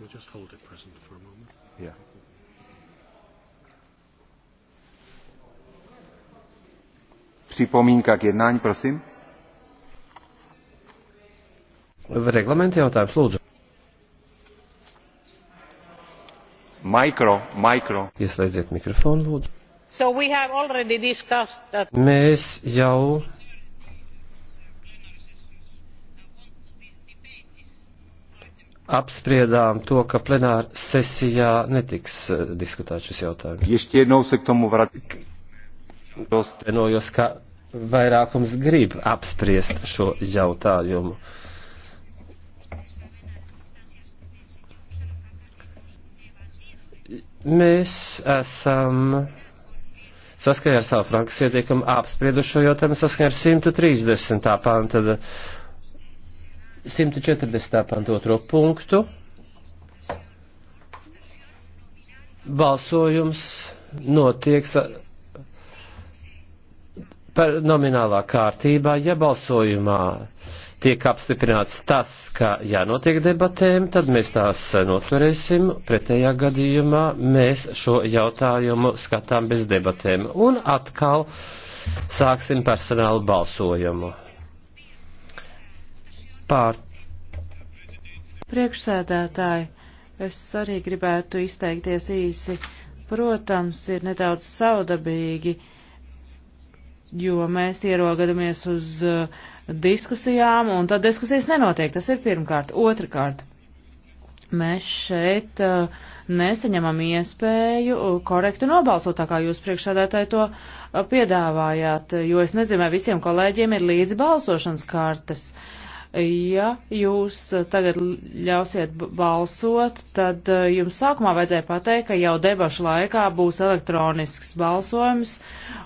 We'll just hold it present for a moment. Yeah. Připomínka k jednání, prosím. V reglamentě jautājums, lūdzu. Mikro, mikro. Ieslēdziet mikrofonu, lūdzu. So we have already discussed that. Mēs jau apspriedām to, ka plenāra sesijā netiks eh, diskutēts šis jautājums. Vienojos, ka vairākums grib apspriest šo jautājumu. Mēs esam saskaņā ar savu frankas ietiekumu apspriedušo jautājumu saskaņā ar 130. pānta 140. pantu otro punktu. Balsojums notiek par nominālā kārtībā, ja balsojumā tiek apstiprināts tas, ka jānotiek debatēm, tad mēs tās noturēsim. Pretējā gadījumā mēs šo jautājumu skatām bez debatēm. Un atkal sāksim personālu balsojumu pār. Priekšsēdētāji, es arī gribētu izteikties īsi. Protams, ir nedaudz saudabīgi, jo mēs ierogadamies uz uh, diskusijām, un tad diskusijas nenotiek. Tas ir pirmkārt. Otrakārt, mēs šeit uh, nesaņemam iespēju korekti nobalsot, tā kā jūs priekšsādātāji to uh, piedāvājāt, jo es nezinu, vai visiem kolēģiem ir līdz balsošanas kartes. Uh, ja jūs tagad ļausiet balsot, tad uh, jums sākumā vajadzēja pateikt, ka jau debašu laikā būs elektronisks balsojums,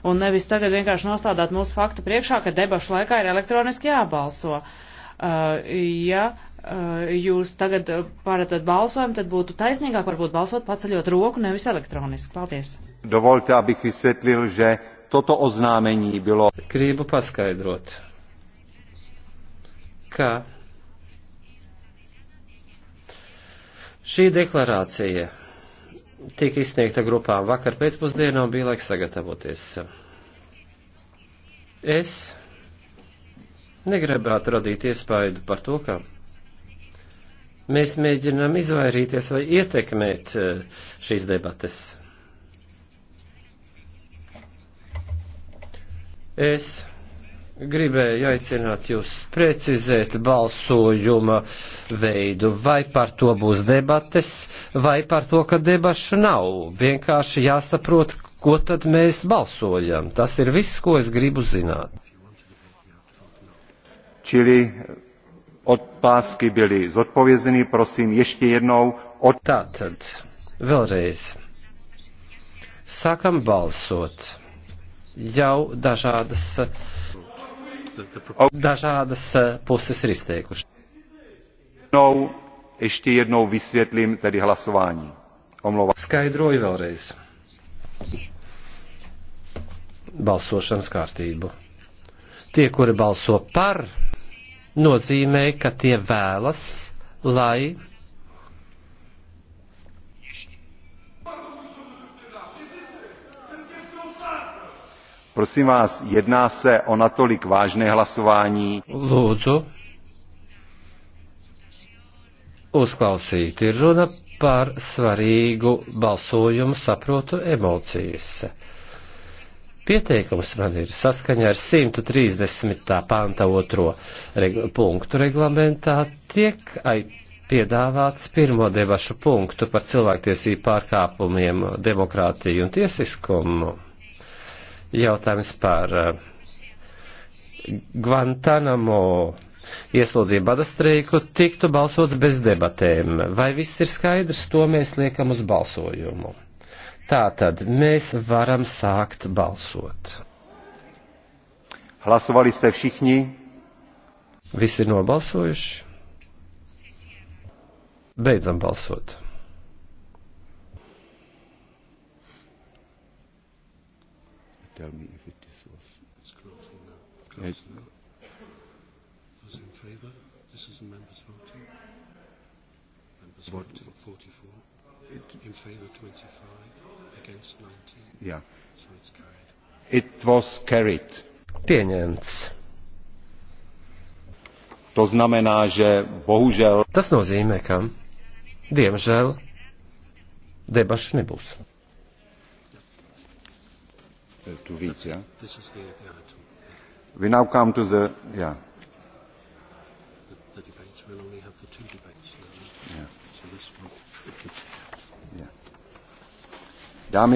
un nevis tagad vienkārši nostādāt mūsu faktu priekšā, ka debašu laikā ir elektroniski jābalso. Uh, ja uh, jūs tagad uh, pārētat balsojumu, tad būtu taisnīgāk varbūt balsot paceļot roku, nevis elektroniski. Paldies. Dovolte, abych vysvetlil, že toto oznámení bylo. Gribu paskaidrot ka šī deklarācija tika izsniegta grupām vakar pēcpusdienā un bija laiks sagatavoties. Es negribētu radīt iespaidu par to, ka mēs mēģinām izvairīties vai ietekmēt eh, šīs debates. Es gribēju aicināt jūs precizēt balsojuma veidu, vai par to būs debates, vai par to, ka debašu nav. Vienkārši jāsaprot, ko tad mēs balsojam. Tas ir viss, ko es gribu zināt. Čili otpāski byli zodpovězeny, prosím, ještě jednou. Od... Tātad, vēlreiz. Sākam balsot jau dažādas uh, Dažādas eh, puses ir izteikušas. No, ještě jednou vysvětlím tedy hlasování. Omlouvám. Skaidroju vēlreiz. Balsošanas kārtību. Tie, kuri balso par, nozīmē, ka tie vēlas, lai Prosím vás, jedná se o natolik vážné hlasování. Lūdzu, uzklausīt, ir runa par svarīgu balsojumu, saprotu emocijas. Pieteikums man ir saskaņā ar 130. panta otro regu, punktu reglamentā tiek piedāvāts pirmo debašu punktu par cilvēktiesību pārkāpumiem, demokrātiju un tiesiskumu jautājums par eh, Guantanamo ieslodzīju badastreiku tiktu balsots bez debatēm. Vai viss ir skaidrs, to mēs liekam uz balsojumu. Tātad mēs varam sākt balsot. Hlasovali ste všichni? Visi ir nobalsojuši. Beidzam balsot. tell me if it is was. It's closing now. Closing it's now. Those in favour? This is the members voting. Members what? voting 44. It, in favour 25. Against 19. Yeah. So it's carried. It was carried. Pieņemts. To znamená, že bohužel. Tas nozīmē, ka diemžēl debašu nebūs too weak. Yeah? This is the, the uh, other two. We now come to the, yeah. The, the debates, we'll only have the two debates. Yeah. So this one. Yeah. Dāmas